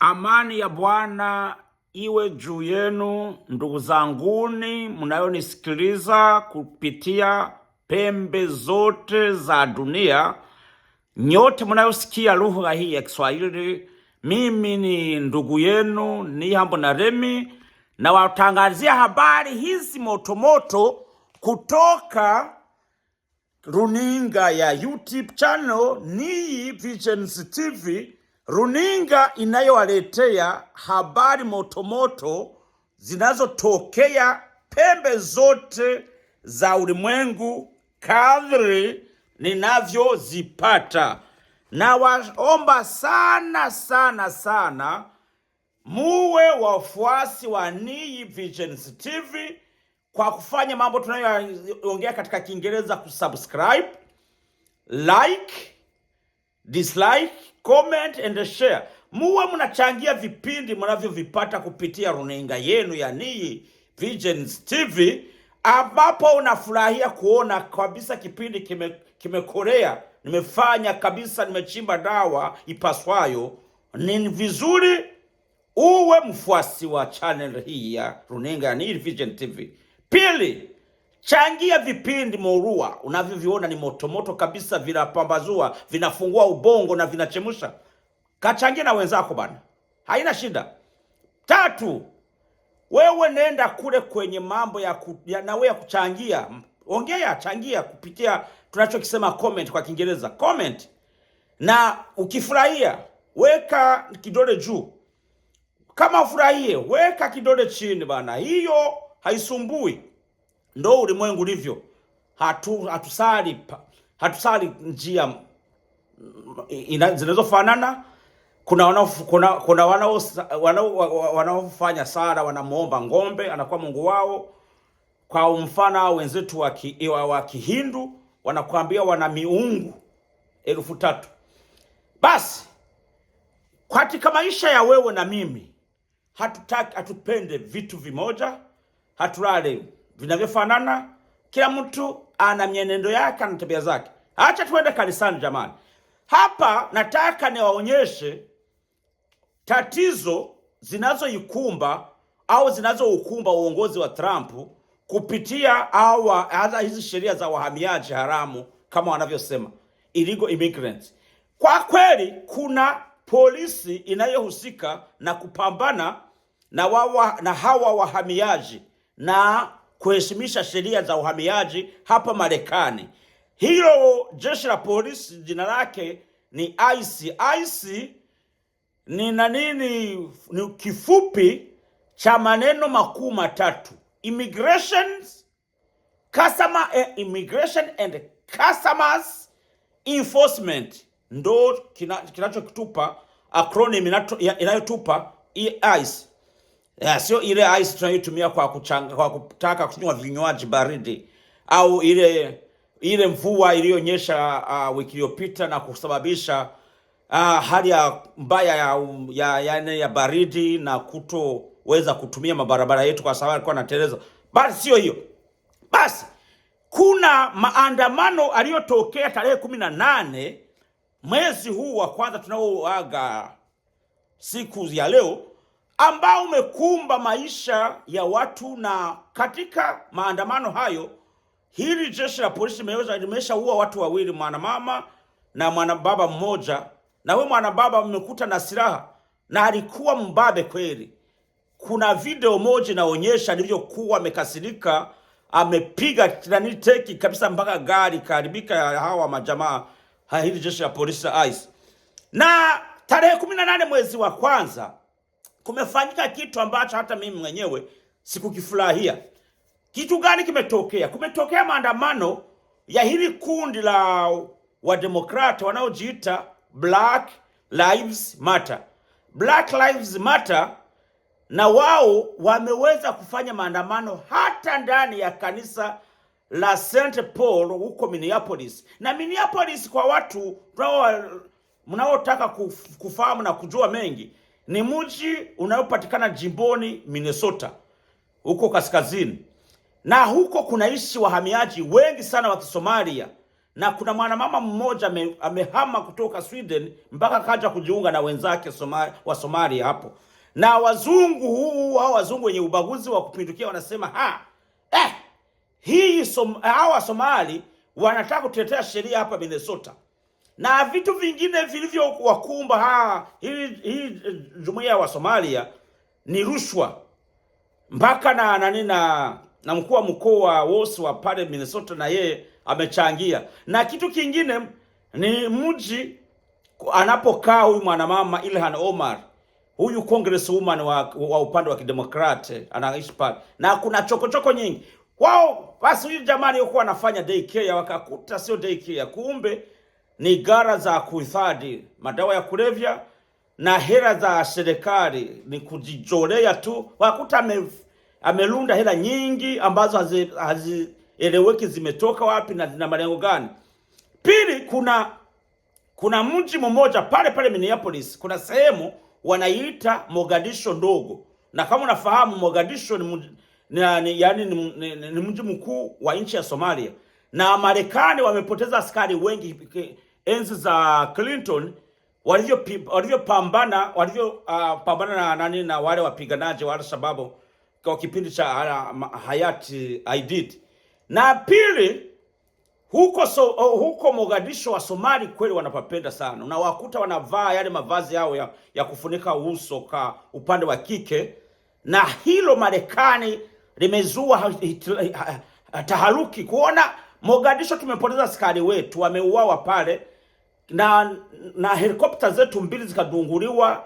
Amani ya Bwana iwe juu yenu ndugu zanguni, mnayonisikiliza kupitia pembe zote za dunia, nyote mnayosikia lugha hii ya Kiswahili. Mimi ni ndugu yenu ni Hambo na Remi, na watangazia habari hizi motomoto kutoka runinga ya YouTube channel ni Visions TV runinga inayowaletea habari motomoto zinazotokea pembe zote za ulimwengu kadri ninavyozipata. Nawaomba sana sana sana muwe wafuasi wa Nii Visions TV kwa kufanya mambo tunayoongea katika Kiingereza, kusubscribe, like dislike, comment and share. Muwe mnachangia vipindi mnavyovipata kupitia runinga yenu ya Nii Visions TV, ambapo unafurahia kuona kabisa kipindi kime kimekorea, nimefanya kabisa, nimechimba dawa ipaswayo. Ni vizuri uwe mfuasi wa channel hii ya runinga ya Nii Vision TV. Pili, Changia vipindi murua unavyoviona ni motomoto kabisa, vinapambazua, vinafungua ubongo na vinachemsha. Kachangia na wenzako bana, haina shida. Tatu, wewe nenda kule kwenye mambo ya, ku, ya nawe ya kuchangia, ongea, changia kupitia tunachokisema comment kwa Kiingereza comment, na ukifurahia weka kidole juu, kama ufurahie weka kidole chini bana, hiyo haisumbui. Ndo ulimwengu ulivyo, hatu hatusali hatusali njia mm, zinazofanana. Kuna wanaofanya kuna, kuna sala wanamuomba ng'ombe anakuwa mungu wao. Kwa mfano wenzetu wa Kihindu wanakuambia wana miungu elfu tatu. Basi katika maisha ya wewe na mimi hatutaki, hatupende vitu vimoja, hatulale vinavyofanana. Kila mtu ana mienendo yake, ana tabia zake. Acha tuende kanisani jamani. Hapa nataka niwaonyeshe tatizo zinazoikumba au zinazoukumba uongozi wa Trump kupitia hawa hata hizi sheria za wahamiaji haramu kama wanavyosema illegal immigrants. Kwa kweli kuna polisi inayohusika na kupambana na wawa, na hawa wahamiaji na kuheshimisha sheria za uhamiaji hapa Marekani. Hilo jeshi la polisi jina lake ni ICE. ICE ni na nini? Ni kifupi cha maneno makuu matatu: immigration, customer, eh, immigration and customers enforcement, ndo kinachokitupa kina acronym inayotupa ICE. Yeah, sio ile ice tunayotumia kwa kuchanga, kwa kutaka kunywa vinywaji baridi au ile ile mvua iliyonyesha uh, wiki iliyopita na kusababisha uh, hali ya mbaya ya, ya, ya, ya baridi na kutoweza kutumia mabarabara yetu kwa sababu alikuwa anateleza. Basi sio hiyo. Basi kuna maandamano aliyotokea tarehe kumi na nane mwezi huu wa kwanza tunaoaga siku ya leo ambao umekumba maisha ya watu. Na katika maandamano hayo, hili jeshi la polisi limeshaua watu wawili, mwanamama na mwanababa mmoja, na huyo mwanababa mmekuta na silaha na alikuwa mbabe kweli. Kuna video moja inaonyesha alivyokuwa amekasirika, amepiga nani teki kabisa mpaka gari karibika hawa majamaa hili jeshi la polisi ICE. Na tarehe kumi na nane mwezi wa kwanza kumefanyika kitu ambacho hata mimi mwenyewe sikukifurahia. Kitu gani kimetokea? Kumetokea maandamano ya hili kundi la wademokrati wanaojiita Black Lives Matter. Black Lives Matter na wao wameweza kufanya maandamano hata ndani ya kanisa la St Paul huko Minneapolis. Na Minneapolis, kwa watu mnaotaka kufahamu na kujua mengi ni mji unayopatikana jimboni Minnesota huko kaskazini, na huko kunaishi wahamiaji wengi sana wa Kisomalia, na kuna mwanamama mmoja amehama kutoka Sweden mpaka kaja kujiunga na wenzake Somali, wa Somalia hapo na wazungu huu hao wazungu wenye ubaguzi wa kupindukia wanasema ha eh, hii som, hawa Somali wanataka kutetea sheria hapa Minnesota na vitu vingine vilivyowakumba haa hii hii eh, jumuiya wa Somalia ni rushwa mpaka na nani na na mkuu wa mkoa wa wose wa pale Minnesota na yeye amechangia. Na kitu kingine ni mji anapokaa huyu mwanamama Ilhan Omar, huyu congresswoman wa, wa upande wa kidemokrat eh, anaishi pale, na kuna chokochoko nyingi wao. Basi huyu jamani yuko anafanya day care, wakakuta sio day care, kumbe ni gara za kuhifadhi madawa ya kulevya na hela za serikali ni kujijolea tu. Wakuta ame, amelunda hela nyingi ambazo hazieleweki zimetoka wapi na zina malengo gani. Pili, kuna kuna mji mmoja pale pale Minneapolis, kuna sehemu wanaiita Mogadisho ndogo, na kama unafahamu Mogadisho ni, ni, yani, ni, ni, ni mji mkuu wa nchi ya Somalia, na Marekani wamepoteza askari wengi enzi za Clinton walivyopambana walivyopambana ah, uh, na nani na wale wapiganaji wa al kwa kipindi cha uh, hayati Aidid. Na pili huko, so, uh, huko Mogadisho wa Somali kweli wanapapenda sana. Unawakuta wanavaa yale mavazi yao ya, ya kufunika uso kwa upande wa kike, na hilo Marekani limezua taharuki kuona Mogadisho tumepoteza askari wetu wameuawa pale na na helikopta zetu mbili zikadunguliwa,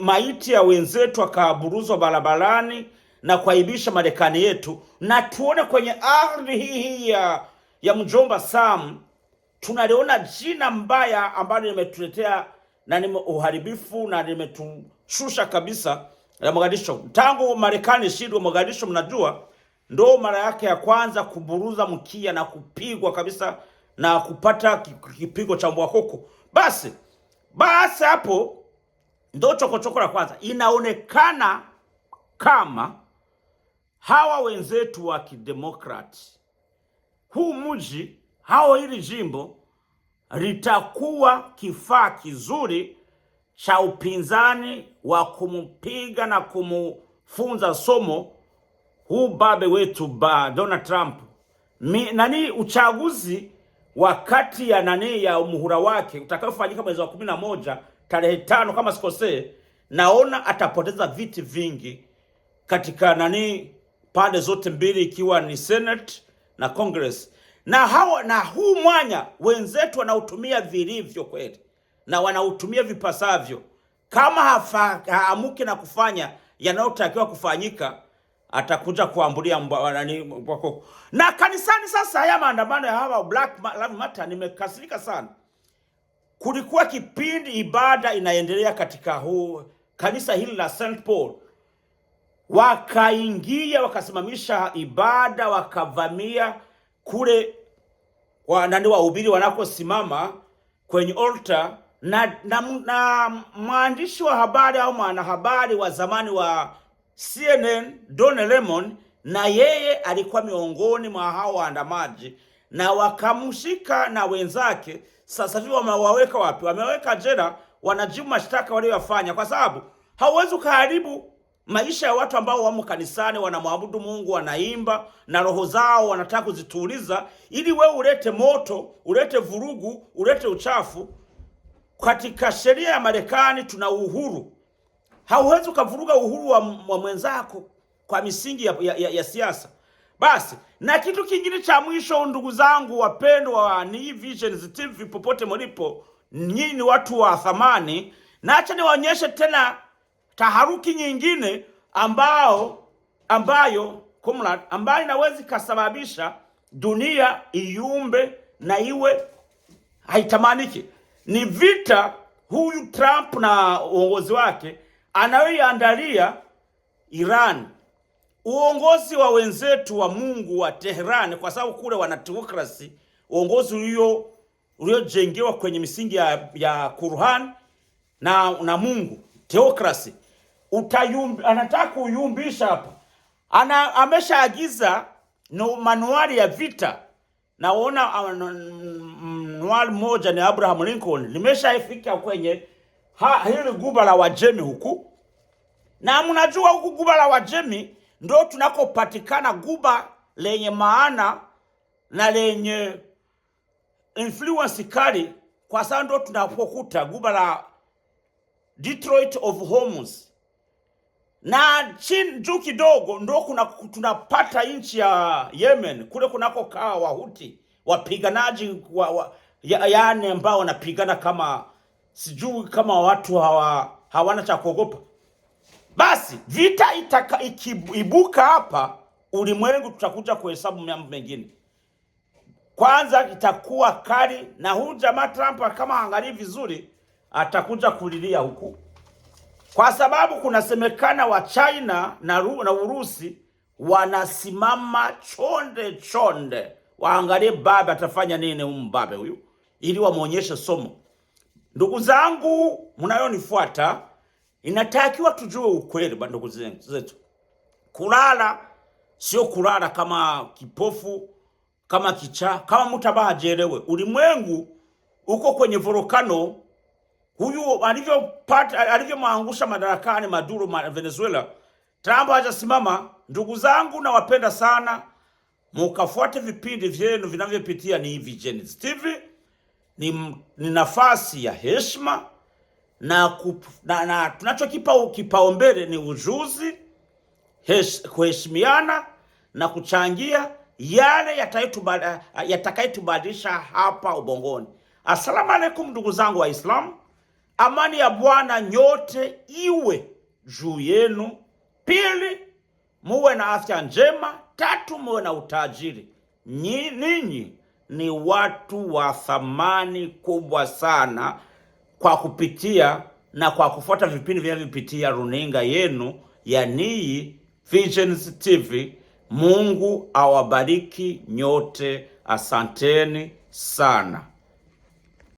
maiti ya wenzetu akaburuzwa barabarani na kuaibisha Marekani yetu, na tuone kwenye ardhi hii hii ya, ya mjomba Sam tunaliona jina mbaya ambalo limetuletea na ni uharibifu na limetushusha kabisa la Mogadisho. Tangu Marekani ishindwe Mogadisho, mnajua ndo mara yake ya kwanza kuburuza mkia na kupigwa kabisa na kupata kipigo cha mbwa koko, basi basi hapo ndo chokochoko la kwanza. Inaonekana kama hawa wenzetu wa kidemokrati huu mji hao, hili jimbo litakuwa kifaa kizuri cha upinzani wa kumpiga na kumfunza somo huu babe wetu ba Donald Trump. Mi, nani uchaguzi wakati ya nani ya muhula wake utakaofanyika mwezi wa kumi na moja tarehe tano kama sikosee, naona atapoteza viti vingi katika nani pande zote mbili, ikiwa ni Senate na Congress na hawa, na huu mwanya wenzetu wanautumia vilivyo kweli na wanautumia vipasavyo. Kama haamuke na kufanya yanayotakiwa kufanyika atakuja kuambulia nani wako. Na kanisani sasa, haya maandamano ya hawa Black Lives Matter, nimekasirika sana. Kulikuwa kipindi ibada inaendelea katika huu kanisa hili la St Paul, wakaingia wakasimamisha ibada, wakavamia kule nani wahubiri wanakosimama kwenye altar na, na, na mwandishi wa habari au mwanahabari wa zamani wa CNN Don Lemon na yeye alikuwa miongoni mwa hao waandamaji na wakamshika na wenzake. Sasa hivi wamewaweka wapi? Wameweka jela, wanajibu mashtaka waliyofanya, kwa sababu hauwezi ukaharibu maisha ya watu ambao wamo kanisani, wanamwabudu Mungu, wanaimba na roho zao wanataka kuzituliza, ili wewe ulete moto, ulete vurugu, ulete uchafu. Katika sheria ya Marekani tuna uhuru hauwezi ukavuruga uhuru wa, wa mwenzako kwa misingi ya, ya, ya, ya siasa. Basi na kitu kingine cha mwisho, ndugu zangu wapendwa wa Niyi Visions TV popote mlipo, nyinyi ni watu wa thamani, Naacha niwaonyeshe tena taharuki nyingine ambao ambayo Comrade, ambayo inaweza ikasababisha dunia iyumbe na iwe haitamaniki. Ni vita huyu Trump na uongozi wake anayoiandalia Iran uongozi wa wenzetu wa Mungu wa Tehran, kwa sababu kule wana teokrasi, uongozi ulio uliojengewa kwenye misingi ya, ya Qur'an na na Mungu teokrasi, utayumbi anataka kuyumbisha hapa. Ana ameshaagiza no manuali ya vita, naona ah, manuali moja ni Abraham Lincoln limeshafika kwenye ha, hili guba la Wajemi huku, na mnajua huku guba la Wajemi ndo tunakopatikana guba lenye maana na lenye influence kali, kwa sababu ndo tunapokuta guba la Detroit of Homes na chini juu kidogo ndo kuna tunapata nchi ya Yemen kule kunakokaa Wahuti wapiganaji wa, wa, ya, yaani ambao wanapigana kama sijui kama watu hawa, hawana cha kuogopa. Basi vita itaka, ikiibuka hapa ulimwengu, tutakuja kuhesabu mambo mengine. Kwanza itakuwa kali, na huyu jamaa Trump kama angalii vizuri, atakuja kulilia huku, kwa sababu kunasemekana wa China na, na Urusi wanasimama chonde chonde, waangalie babe atafanya nini, umbabe huyu, ili wamwonyeshe somo. Ndugu zangu mnayonifuata, inatakiwa tujue ukweli ba ndugu zetu, kulala sio kulala kama kipofu, kama kicha, kama mtu ajelewe. Ulimwengu uko kwenye volokano. Huyu alivyopata alivyomwangusha madarakani Maduro ma Venezuela, Trump hajasimama. Ndugu zangu, nawapenda sana, mukafuate vipindi vyenu vinavyopitia ni Vigenes TV ni, ni nafasi ya heshima na, na, na tunachokipa kipaumbele ni ujuzi, kuheshimiana na kuchangia yale yatakayotubadilisha hapa ubongoni. Asalamu alaikum, ndugu zangu Waislamu, amani ya Bwana nyote iwe juu yenu. Pili, muwe na afya njema. Tatu, muwe na utajiri. Ninyi ni watu wa thamani kubwa sana kwa kupitia na kwa kufuata vipindi vinavyopitia runinga yenu ya Nii Visions TV. Mungu awabariki nyote, asanteni sana.